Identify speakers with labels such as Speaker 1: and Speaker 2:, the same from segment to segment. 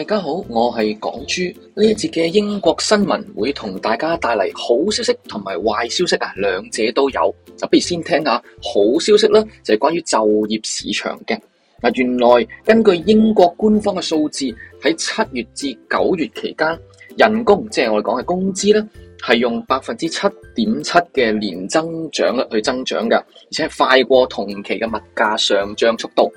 Speaker 1: 大家好，我係港豬。呢一節嘅英國新聞會同大家帶嚟好消息同埋壞消息啊，兩者都有，不如先聽下好消息啦，就係關於就業市場嘅。嗱，原來根據英國官方嘅數字，喺七月至九月期間，人工即係、就是、我哋講嘅工資咧，係用百分之七點七嘅年增長率去增長噶，而且係快過同期嘅物價上漲速度。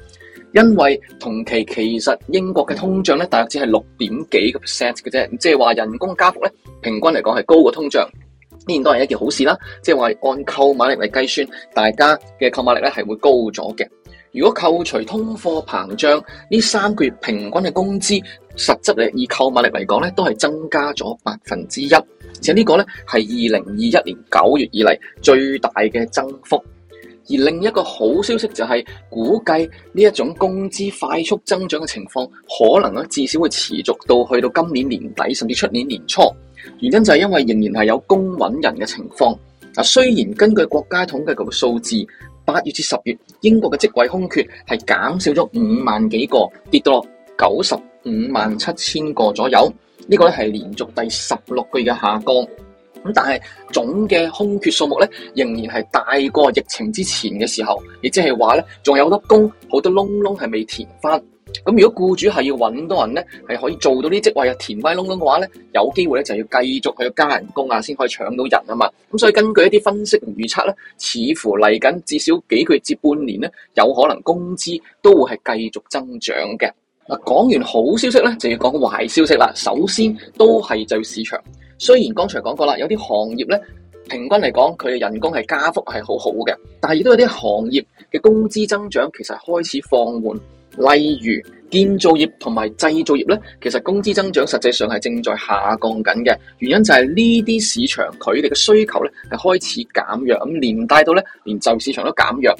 Speaker 1: 因為同期其實英國嘅通脹咧，大約只係六點幾個 percent 嘅啫，即係話人工加幅咧，平均嚟講係高過通脹，當然都係一件好事啦。即係話按購買力嚟計算，大家嘅購買力咧係會高咗嘅。如果扣除通貨膨脹，呢三個月平均嘅工資實質嚟以購買力嚟講咧，都係增加咗百分之一，而且呢個咧係二零二一年九月以嚟最大嘅增幅。而另一個好消息就係，估計呢一種工資快速增長嘅情況，可能咧至少會持續到去到今年年底，甚至出年年初。原因就係因為仍然係有工穩人嘅情況。啊，雖然根據國家統計局嘅數字，八月至十月英國嘅職位空缺係減少咗五萬幾個，跌到九十五萬七千個左右。呢個咧係連續第十六個月嘅下降。咁但係總嘅空缺數目咧，仍然係大過疫情之前嘅時候，亦即係話咧，仲有好多工好多窿窿係未填翻。咁如果僱主係要搵多人咧，係可以做到啲職位啊填翻窿窿嘅話咧，有機會咧就要繼續去加人工啊，先可以搶到人啊嘛。咁所以根據一啲分析預測咧，似乎嚟緊至少幾個月至半年咧，有可能工資都會係繼續增長嘅嗱。講完好消息咧，就要講壞消息啦。首先都係就市場。雖然剛才講過啦，有啲行業咧平均嚟講，佢嘅人工係加幅係好好嘅，但係亦都有啲行業嘅工資增長其實開始放緩。例如建造業同埋製造業咧，其實工資增長實際上係正在下降緊嘅。原因就係呢啲市場佢哋嘅需求咧係開始減弱，咁連帶到咧連就業市場都減弱。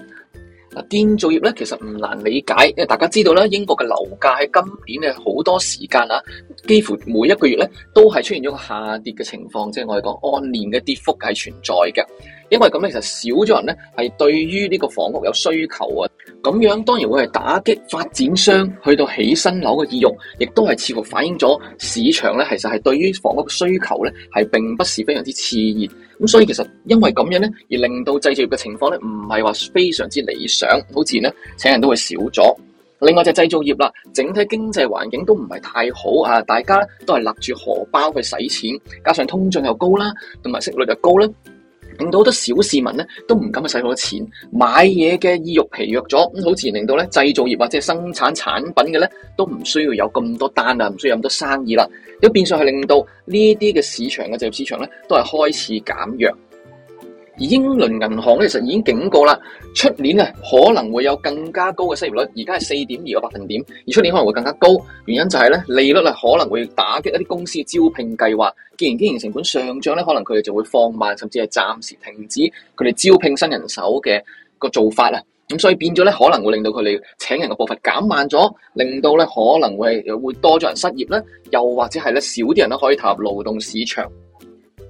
Speaker 1: 嗱，建造業咧其實唔難理解，因為大家知道啦，英國嘅樓價喺今年嘅好多時間啊。幾乎每一個月咧，都係出現咗個下跌嘅情況，即係我哋講，按年嘅跌幅係存在嘅。因為咁咧，其實少咗人咧，係對於呢個房屋有需求啊。咁樣當然會係打擊發展商去到起新樓嘅意欲，亦都係似乎反映咗市場咧，其實係對於房屋嘅需求咧，係並不是非常之熾熱。咁所以其實因為咁樣咧，而令到製造業嘅情況咧，唔係話非常之理想，好似咧請人都會少咗。另外就係製造業啦，整體經濟環境都唔係太好啊！大家都係勒住荷包去使錢，加上通脹又高啦，同埋息率又高咧，令到好多小市民咧都唔敢去使好多錢買嘢嘅意欲疲弱咗咁，好似令到咧製造業或者生產產品嘅咧都唔需要有咁多單啦，唔需要咁多生意啦，又變相係令到呢啲嘅市場嘅製造市場咧都係開始減弱。而英倫銀行咧，其實已經警告啦，出年啊可能會有更加高嘅失業率，而家係四點二個百分點，而出年可能會更加高。原因就係咧，利率啊可能會打擊一啲公司招聘計劃。既然經營成本上漲咧，可能佢哋就會放慢甚至係暫時停止佢哋招聘新人手嘅個做法啊。咁所以變咗咧，可能會令到佢哋請人嘅步伐減慢咗，令到咧可能會多咗人失業咧，又或者係咧少啲人都可以投入勞動市場。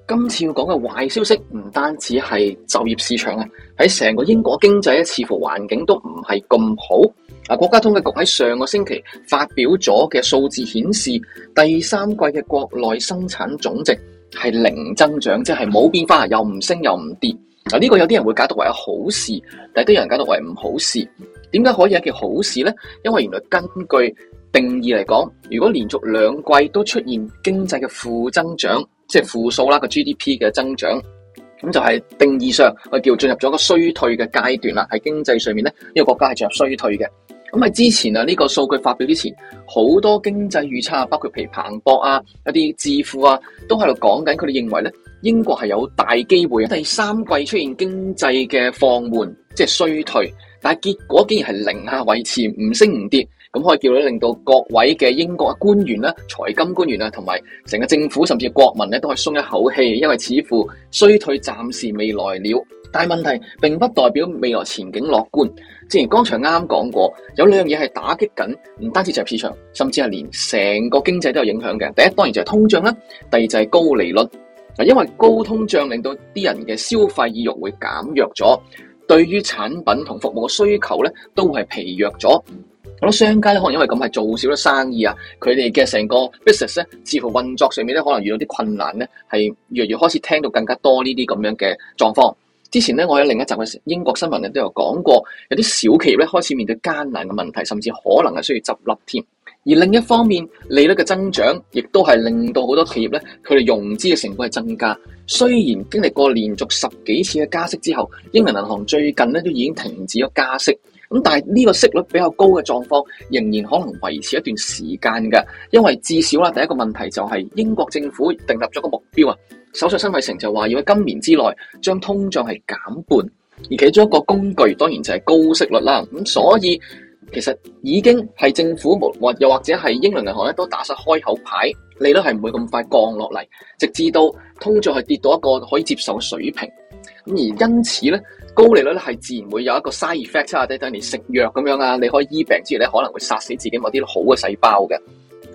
Speaker 1: 今次要講嘅壞消息唔單止係就業市場啊，喺成個英國經濟咧，似乎環境都唔係咁好。啊，國家統計局喺上個星期發表咗嘅數字顯示，第三季嘅國內生產總值係零增長，即係冇變化，又唔升又唔跌。啊，呢個有啲人會解讀為好事，但都有人解讀為唔好事。點解可以係一件好事呢？因為原來根據定義嚟講，如果連續兩季都出現經濟嘅負增長。即係負數啦，個 GDP 嘅增長，咁就係定義上，我叫進入咗個衰退嘅階段啦。喺經濟上面咧，呢個國家係進入衰退嘅。咁喺之前啊，呢個數據發表之前，好多經濟預測，包括譬如彭博啊、一啲智庫啊，都喺度講緊，佢哋認為咧，英國係有大機會第三季出現經濟嘅放緩，即係衰退。但係結果竟然係零下維持，唔升唔跌。咁可以叫你令到各位嘅英國嘅官員咧、啊、財金官員啊，同埋成個政府甚至國民咧，都係鬆一口氣，因為似乎衰退暫時未來了。但係問題並不代表未來前景樂觀。之前剛才啱啱講過，有兩樣嘢係打擊緊，唔單止就入市場，甚至係連成個經濟都有影響嘅。第一當然就係通脹啦，第二就係高利率。嗱，因為高通脹令到啲人嘅消費意欲會減弱咗。對於產品同服務嘅需求咧，都係疲弱咗。我諗商家咧，可能因為咁係做少咗生意啊，佢哋嘅成個 business 咧，似乎運作上面咧，可能遇到啲困難咧，係越嚟越開始聽到更加多呢啲咁樣嘅狀況。之前咧，我有另一集嘅英國新聞咧都有講過，有啲小企業咧開始面對艱難嘅問題，甚至可能係需要執笠添。而另一方面，利率嘅增長亦都係令到好多企業咧，佢哋融資嘅成本係增加。雖然經歷過連續十幾次嘅加息之後，英格蘭銀行最近咧都已經停止咗加息，咁但係呢個息率比較高嘅狀況仍然可能維持一段時間㗎。因為至少啦，第一個問題就係英國政府訂立咗個目標啊。首相辛偉誠就話要喺今年之內將通脹係減半，而其中一個工具當然就係高息率啦。咁所以。其實已經係政府或又或者係英倫銀行咧，都打晒開口牌，利率係唔會咁快降落嚟，直至到通脹係跌到一個可以接受嘅水平。咁而因此咧，高利率咧係自然會有一個 side effect，即係等於食藥咁樣啊，你可以醫病之餘咧，可能會殺死自己某啲好嘅細胞嘅。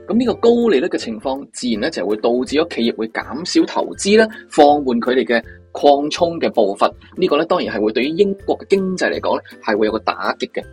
Speaker 1: 咁呢個高利率嘅情況，自然咧就會導致咗企業會減少投資啦，放緩佢哋嘅擴充嘅步伐。這個、呢個咧當然係會對於英國嘅經濟嚟講咧係會有個打擊嘅。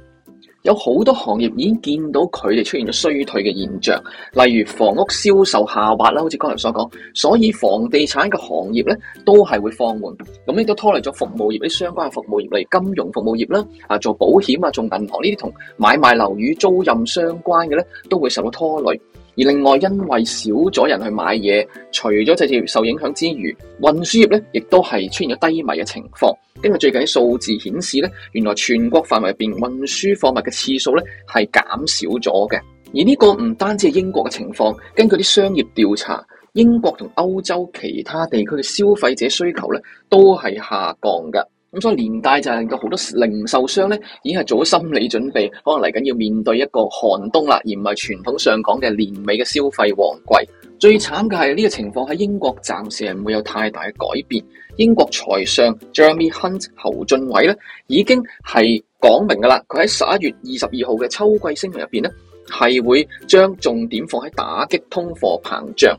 Speaker 1: 有好多行業已經見到佢哋出現咗衰退嘅現象，例如房屋銷售下滑啦，好似剛才所講，所以房地產嘅行業咧都係會放緩，咁亦都拖累咗服務業啲相關嘅服務業嚟，例如金融服務業啦，啊做保險啊，做銀行呢啲同買賣樓宇租賃相關嘅咧，都會受到拖累。而另外，因為少咗人去買嘢，除咗直接受影響之餘，運輸業咧亦都係出現咗低迷嘅情況。根據最近啲數字顯示咧，原來全國範圍入邊運輸貨物嘅次數咧係減少咗嘅。而呢個唔單止係英國嘅情況，根據啲商業調查，英國同歐洲其他地區嘅消費者需求咧都係下降㗎。咁所以連帶就令到好多零售商咧，已經係做咗心理準備，可能嚟緊要面對一個寒冬啦，而唔係傳統上講嘅年尾嘅消費旺季。最慘嘅係呢個情況喺英國暫時係唔會有太大嘅改變。英國財相 Jeremy Hunt 侯俊偉咧已經係講明㗎啦，佢喺十一月二十二號嘅秋季聲明入邊咧係會將重點放喺打擊通貨膨脹。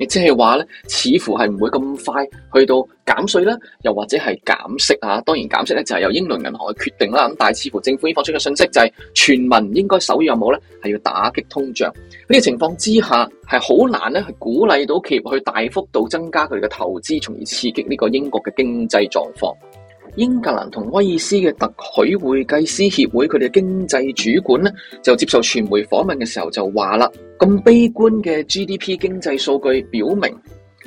Speaker 1: 亦即係話咧，似乎係唔會咁快去到減稅啦，又或者係減息啊。當然減息咧就係由英倫銀行去決定啦。咁但係似乎政府已經放出嘅信息就係全民應該首要任務咧係要打擊通脹。呢個情況之下係好難咧去鼓勵到企業去大幅度增加佢哋嘅投資，從而刺激呢個英國嘅經濟狀況。英格蘭同威爾斯嘅特許會計師協會，佢哋嘅經濟主管咧，就接受傳媒訪問嘅時候就話啦，咁悲觀嘅 GDP 經濟數據表明，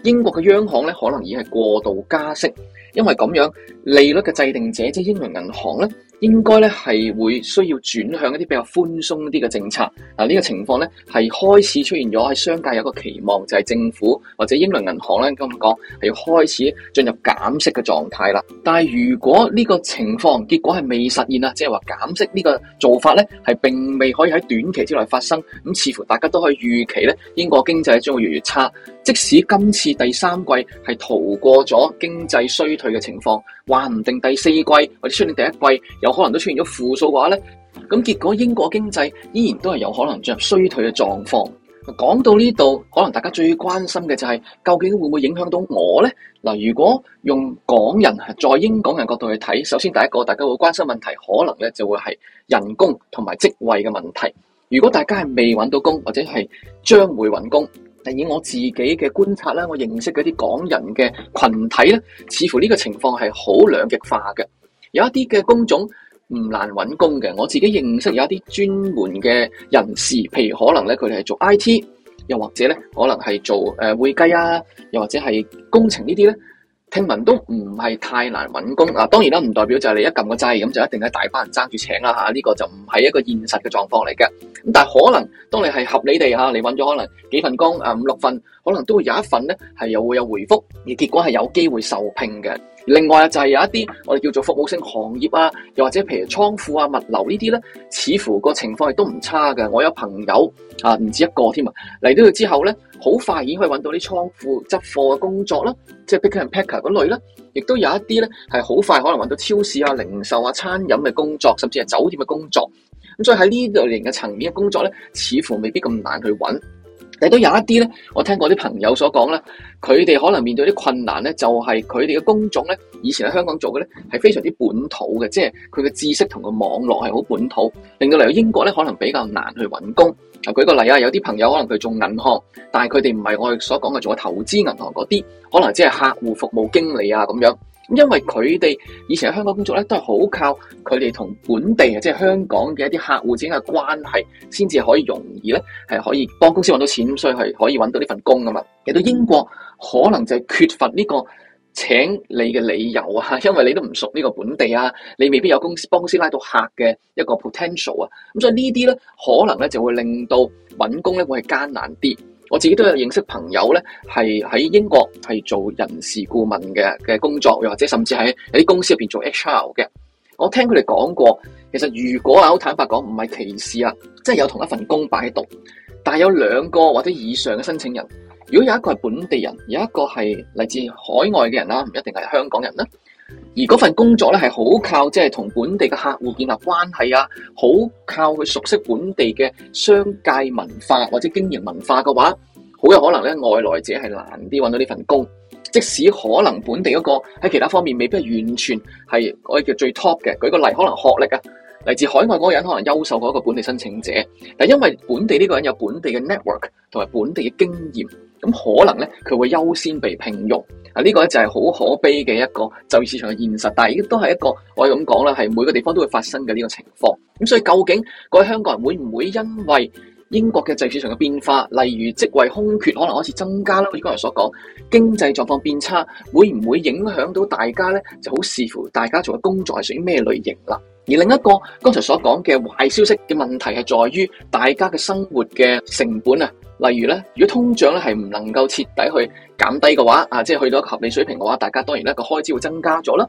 Speaker 1: 英國嘅央行咧可能已係過度加息，因為咁樣利率嘅制定者即係英倫銀行咧。應該咧係會需要轉向一啲比較寬鬆啲嘅政策。嗱，呢個情況咧係開始出現咗喺商界有一個期望，就係政府或者英倫銀行咧咁講係要開始進入減息嘅狀態啦。但係如果呢個情況結果係未實現啊，即係話減息呢個做法咧係並未可以喺短期之內發生。咁似乎大家都可以預期咧，英國經濟咧將會越嚟越差。即使今次第三季係逃過咗經濟衰退嘅情況，話唔定第四季或者出年第一季有。可能都出現咗負數嘅話咧，咁結果英國經濟依然都係有可能進入衰退嘅狀況。講到呢度，可能大家最關心嘅就係究竟會唔會影響到我呢？嗱，如果用港人喺在英港人角度去睇，首先第一個大家會關心問題，可能咧就會係人工同埋職位嘅問題。如果大家係未揾到工或者係將會揾工，但以我自己嘅觀察咧，我認識嗰啲港人嘅群體咧，似乎呢個情況係好兩極化嘅。有一啲嘅工種唔難揾工嘅，我自己認識有一啲專門嘅人士，譬如可能咧佢哋係做 IT，又或者咧可能係做誒會計啊，又或者係工程呢啲咧，聽聞都唔係太難揾工啊。當然啦，唔代表就係你一撳個掣咁就一定係大班人爭住請啦嚇，呢個就唔係一個現實嘅狀況嚟嘅。咁但係可能當你係合理地啊，你揾咗可能幾份工啊五六份，可能都會有一份咧係又會有回覆，而結果係有機會受聘嘅。另外啊，就係有一啲我哋叫做服務性行業啊，又或者譬如倉庫啊、物流呢啲咧，似乎個情況亦都唔差嘅。我有朋友啊，唔止一個添啊，嚟到佢之後咧，好快已經可以揾到啲倉庫執貨嘅工作啦，即係 picker、packer 嗰類啦，亦都有一啲咧係好快可能揾到超市啊、零售啊、餐飲嘅工作，甚至係酒店嘅工作。咁所以喺呢類型嘅層面嘅工作咧，似乎未必咁難去揾。但係都有一啲咧，我聽過啲朋友所講咧，佢哋可能面對啲困難咧，就係佢哋嘅工種咧，以前喺香港做嘅咧，係非常之本土嘅，即係佢嘅知識同個網絡係好本土，令到嚟到英國咧，可能比較難去揾工。舉個例啊，有啲朋友可能佢做銀行，但係佢哋唔係我哋所講嘅做投資銀行嗰啲，可能即係客戶服務經理啊咁樣。因為佢哋以前喺香港工作咧，都係好靠佢哋同本地啊，即係香港嘅一啲客戶之間嘅關係，先至可以容易咧，係可以幫公司揾到錢，所以係可以揾到呢份工噶嘛。嚟到英國，可能就係缺乏呢個請你嘅理由啊，因為你都唔熟呢個本地啊，你未必有公司幫公司拉到客嘅一個 potential 啊，咁所以呢啲咧，可能咧就會令到揾工咧會係艱難啲。我自己都有認識朋友咧，係喺英國係做人事顧問嘅嘅工作，又或者甚至喺有啲公司入邊做 HR 嘅。我聽佢哋講過，其實如果啊好坦白講，唔係歧視啦，即係有同一份工擺喺度，但係有兩個或者以上嘅申請人，如果有一個係本地人，有一個係嚟自海外嘅人啦，唔一定係香港人咧。而嗰份工作咧，係好靠即係同本地嘅客戶建立關係啊，好靠佢熟悉本地嘅商界文化或者經營文化嘅話，好有可能咧，外來者係難啲搵到呢份工。即使可能本地嗰個喺其他方面未必係完全係我哋叫最 top 嘅，舉個例，可能學歷啊，嚟自海外嗰個人可能優秀過一個本地申請者，但因為本地呢個人有本地嘅 network 同埋本地嘅經驗，咁可能咧，佢會優先被聘用。嗱，呢個就係好可悲嘅一個就業市場嘅現實，但係亦都係一個，我係咁講啦，係每個地方都會發生嘅呢個情況。咁所以究竟各位香港人會唔會因為英國嘅就業市場嘅變化，例如職位空缺可能開始增加啦，如剛才所講，經濟狀況變差，會唔會影響到大家咧？就好視乎大家做嘅工作係屬於咩類型啦。而另一個剛才所講嘅壞消息嘅問題係在於大家嘅生活嘅成本啊，例如呢，如果通脹咧係唔能夠徹底去減低嘅話，啊，即係去到一個合理水平嘅話，大家當然呢個開支會增加咗啦。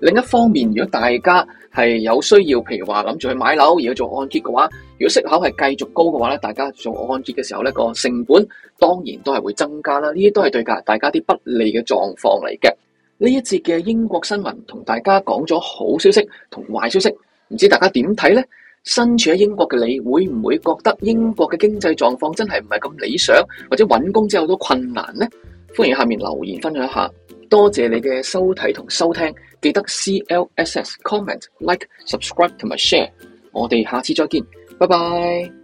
Speaker 1: 另一方面，如果大家係有需要，譬如話諗住去買樓而去做按揭嘅話，如果息口係繼續高嘅話，大家做按揭嘅時候呢個成本當然都係會增加啦。呢啲都係對大家啲不利嘅狀況嚟嘅。呢一節嘅英國新聞同大家講咗好消息同壞消息，唔知大家點睇呢？身處喺英國嘅你會唔會覺得英國嘅經濟狀況真係唔係咁理想，或者揾工之後都困難呢？歡迎下面留言分享一下，多謝你嘅收睇同收聽，記得 C L S S comment like subscribe 同埋 share，我哋下次再見，拜拜。